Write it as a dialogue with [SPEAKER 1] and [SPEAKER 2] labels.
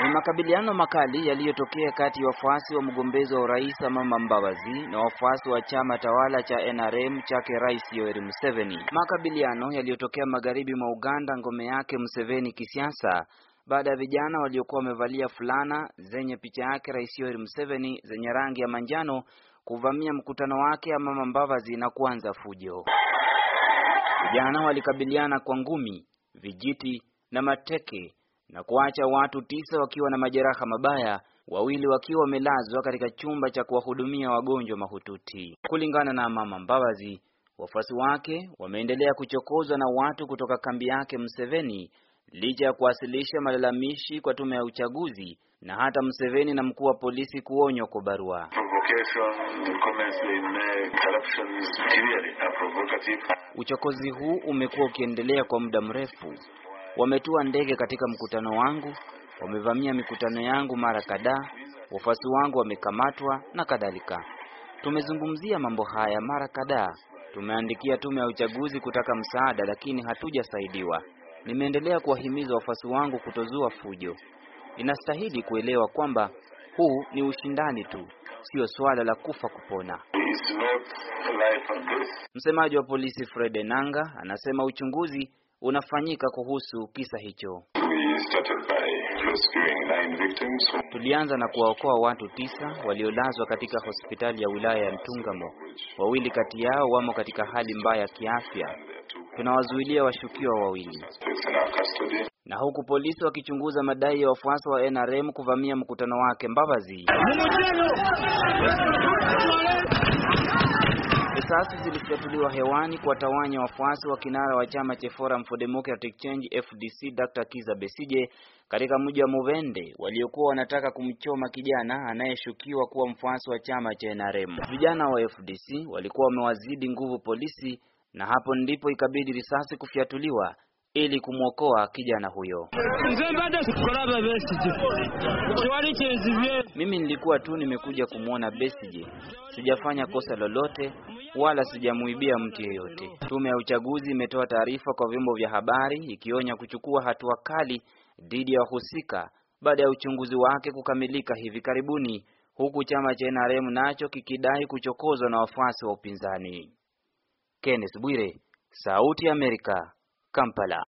[SPEAKER 1] Ni makabiliano makali yaliyotokea kati ya wafuasi wa mgombezi wa urais Amama Mbabazi na wafuasi wa chama tawala cha NRM chake Rais Yoweri Museveni. Makabiliano yaliyotokea magharibi mwa Uganda, ngome yake Museveni kisiasa, baada ya vijana waliokuwa wamevalia fulana zenye picha yake Rais Yoweri Museveni zenye rangi ya manjano kuvamia mkutano wake Amama Mbabazi na kuanza fujo. Vijana walikabiliana kwa ngumi, vijiti na mateke na kuacha watu tisa wakiwa na majeraha mabaya, wawili wakiwa wamelazwa katika chumba cha kuwahudumia wagonjwa mahututi. Kulingana na Mama Mbabazi, wafuasi wake wameendelea kuchokozwa na watu kutoka kambi yake Mseveni licha ya kuwasilisha malalamishi kwa tume ya uchaguzi na hata Mseveni na mkuu wa polisi kuonywa kwa barua. Uchokozi huu umekuwa ukiendelea kwa muda mrefu Wametua ndege katika mkutano wangu, wamevamia mikutano yangu mara kadhaa, wafuasi wangu wamekamatwa na kadhalika. Tumezungumzia mambo haya mara kadhaa. Tumeandikia tume ya uchaguzi kutaka msaada, lakini hatujasaidiwa. Nimeendelea kuwahimiza wafuasi wangu kutozua fujo. Inastahili kuelewa kwamba huu ni ushindani tu, sio suala la kufa kupona. Msemaji wa polisi Fred Enanga anasema uchunguzi unafanyika kuhusu kisa hicho. Tulianza na kuwaokoa watu tisa waliolazwa katika hospitali ya wilaya ya Ntungamo. Wawili kati yao wamo katika hali mbaya kiafya. Tunawazuilia washukiwa wawili. Na huku polisi wakichunguza madai ya wafuasi wa NRM kuvamia mkutano wake Mbavazi. Risasi zilifyatuliwa hewani kuwatawanya wafuasi wa kinara wa chama cha Forum for Democratic Change FDC Dr. Kiza Besije katika mji wa Muvende waliokuwa wanataka kumchoma kijana anayeshukiwa kuwa mfuasi wa chama cha NRM. Vijana wa FDC walikuwa wamewazidi nguvu polisi na hapo ndipo ikabidi risasi kufyatuliwa ili kumwokoa kijana huyo. Mimi nilikuwa tu nimekuja kumwona Besigye, sijafanya kosa lolote wala sijamuibia mtu yeyote. Tume ya uchaguzi imetoa taarifa kwa vyombo vya habari ikionya kuchukua hatua kali dhidi ya wahusika baada ya uchunguzi wake kukamilika hivi karibuni, huku chama cha NRM nacho kikidai kuchokozwa na wafuasi wa upinzani. Kenneth Bwire, Sauti ya Amerika, Kampala